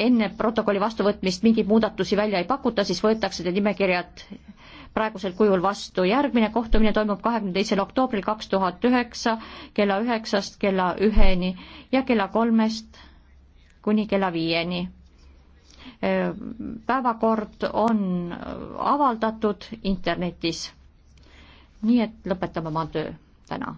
enne protokolli vastuvõtmist mingeid muudatusi välja ei pakuta, siis võetakse need nimekirjad praegusel kujul vastu. järgmine kohtumine toimub kahekümne teisel oktoobril kaks tuhat üheksa kella üheksast kella üheni ja kella kolmest kuni kella viieni. päevakord on avaldatud internetis. nii et lõpetame oma töö täna